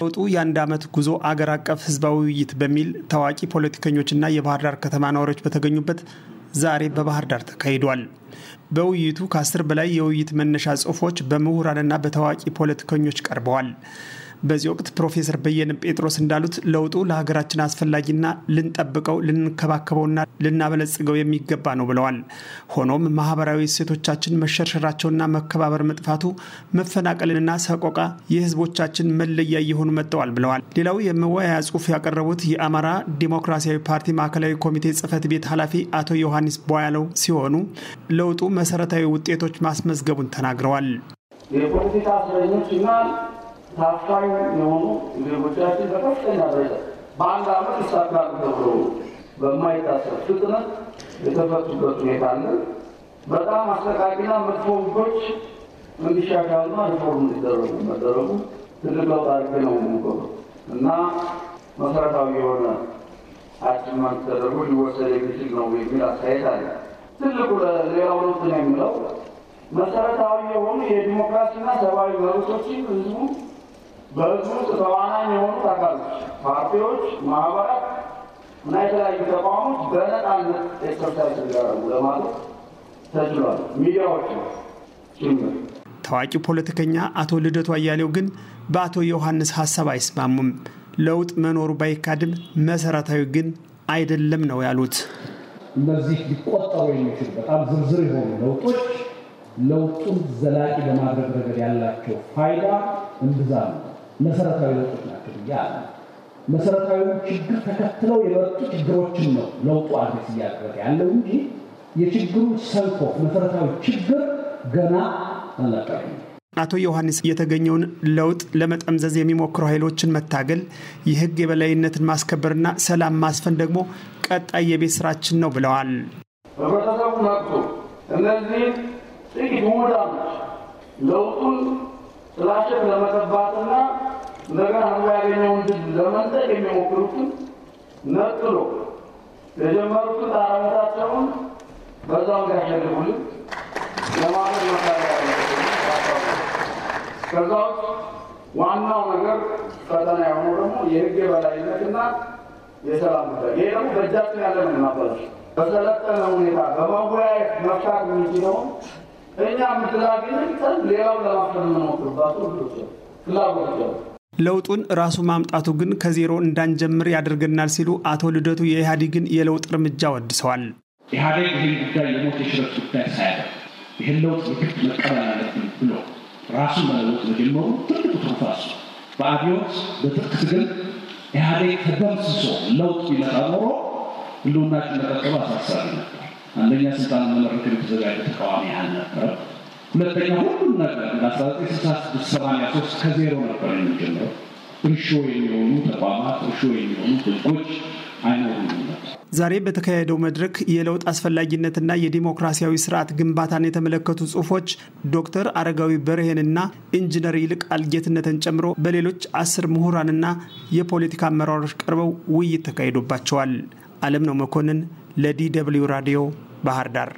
ለውጡ የአንድ ዓመት ጉዞ አገር አቀፍ ህዝባዊ ውይይት በሚል ታዋቂ ፖለቲከኞችና የባህር ዳር ከተማ ነዋሪዎች በተገኙበት ዛሬ በባህር ዳር ተካሂዷል። በውይይቱ ከአስር በላይ የውይይት መነሻ ጽሑፎች በምሁራንና በታዋቂ ፖለቲከኞች ቀርበዋል። በዚህ ወቅት ፕሮፌሰር በየነ ጴጥሮስ እንዳሉት ለውጡ ለሀገራችን አስፈላጊና ልንጠብቀው ልንከባከበውና ልናበለጽገው የሚገባ ነው ብለዋል። ሆኖም ማህበራዊ እሴቶቻችን መሸርሸራቸውና መከባበር መጥፋቱ፣ መፈናቀልና ሰቆቃ የህዝቦቻችን መለያ እየሆኑ መጥተዋል ብለዋል። ሌላው የመወያያ ጽሁፍ ያቀረቡት የአማራ ዲሞክራሲያዊ ፓርቲ ማዕከላዊ ኮሚቴ ጽህፈት ቤት ኃላፊ አቶ ዮሐንስ ቧያለው ሲሆኑ ለውጡ መሰረታዊ ውጤቶች ማስመዝገቡን ተናግረዋል። የፖለቲካ እስረኞችና ታፋኝ የሆኑ ዜጎቻችን በከፍተኛ ደረጃ በአንድ አመት ይሳካሉ ተብሎ በማይታሰብ ፍጥነት የተፈቱበት ሁኔታ አለ። በጣም አስተቃቂና መጥፎ ህጎች እንዲሻሻሉና ሪፎርም እንዲደረጉ መደረጉ ትልቅ ለውጥ አድርገ ነው የሚቆሉ እና መሰረታዊ የሆነ አጅማን ተደርጎ ሊወሰድ የሚችል ነው የሚል አስተያየት አለ። ትልቁ ሌላው ለውጥ ነው የሚለው መሰረታዊ የሆኑ የዲሞክራሲና ሰብአዊ መብቶችን ህዝቡ በህዝቡ ውስጥ ተዋናኝ የሆኑት አካሎች፣ ፓርቲዎች፣ ማህበራት እና የተለያዩ ተቋሞች በነፃነት ኤክሰርሳይዝ እንዲያደርጉ ለማለት ተችሏል። ሚዲያዎች ጭምር። ታዋቂ ፖለቲከኛ አቶ ልደቱ አያሌው ግን በአቶ ዮሐንስ ሀሳብ አይስማሙም። ለውጥ መኖሩ ባይካድም መሰረታዊ ግን አይደለም ነው ያሉት። እነዚህ ሊቆጠሩ የሚችሉ በጣም ዝርዝር የሆኑ ለውጦች ለውጡን ዘላቂ ለማድረግ ረገድ ያላቸው ፋይዳ እንብዛ ነው። መሰረታዊ ለውጦች ናቸው ብያ አለ። መሰረታዊ ችግር ተከትለው የመጡ ችግሮችን ነው ለውጡ አድረስ እያደረገ ያለው እንጂ የችግሩ ሰልፎ መሰረታዊ ችግር ገና አልነበረም። አቶ ዮሐንስ የተገኘውን ለውጥ ለመጠምዘዝ የሚሞክሩ ኃይሎችን መታገል፣ የህግ የበላይነትን ማስከበርና ሰላም ማስፈን ደግሞ ቀጣይ የቤት ስራችን ነው ብለዋል። በመሰረቱ ነቅቶ እነዚህ ጥቂት ሙዳሞች ለውጡን ጥላሸት ለመቀባትና እንደገና ህዝቡ ያገኘውን ድል ለመንጠቅ የሚሞክሩትን ነጥሎ የጀመሩትን አረመታቸውን በዛው ጋር ያደርጉልን ለማለት መሳሪያ ከዛ ውስጥ ዋናው ነገር ፈተና የሆነው ደግሞ የህግ የበላይነትና የሰላም ጉዳይ። ይሄ ደግሞ በእጃችን ያለ ነው በሰለጠነ ሁኔታ በመወያየት መፍታት የምንችለውን እኛ ምትላግኝ ሌላው ለማፈን የምንሞክርባቸው ፍላጎት ይቻላል ለውጡን ራሱ ማምጣቱ ግን ከዜሮ እንዳንጀምር ያደርገናል ሲሉ አቶ ልደቱ የኢህአዴግን የለውጥ እርምጃ ወድሰዋል። ኢህአዴግ ይህን ጉዳይ የሞት የሽረት ጉዳይ ሳያደርግ ይህን ለውጥ ምክት መቀበል አለብን ብሎ ራሱ መለወጥ መጀመሩ ትልቁ ትንፋሱ በአብዮት በትጥቅ ግን ኢህአዴግ ተደምስሶ ለውጥ ቢመጣ ኖሮ ህልውናችን መጠቀም አሳሳቢ ነበር። አንደኛ ስልጣን መመረክ የተዘጋጀ ተቃዋሚ ያህል ነበረ። ሁለተኛ ሁሉም ነገር እንደ 1963 ከዜሮ ነበር የሚጀምረው። እርሾ የሚሆኑ ተቋማት፣ እርሾ የሚሆኑ ህጎች ዛሬ በተካሄደው መድረክ የለውጥ አስፈላጊነትና የዲሞክራሲያዊ ስርዓት ግንባታን የተመለከቱ ጽሁፎች ዶክተር አረጋዊ በርሄንና ኢንጂነር ይልቃል ጌትነትን ጨምሮ በሌሎች አስር ምሁራንና የፖለቲካ አመራሮች ቀርበው ውይይት ተካሂዶባቸዋል። አለም ነው መኮንን ለዲ ደብልዩ ራዲዮ ባህር ዳር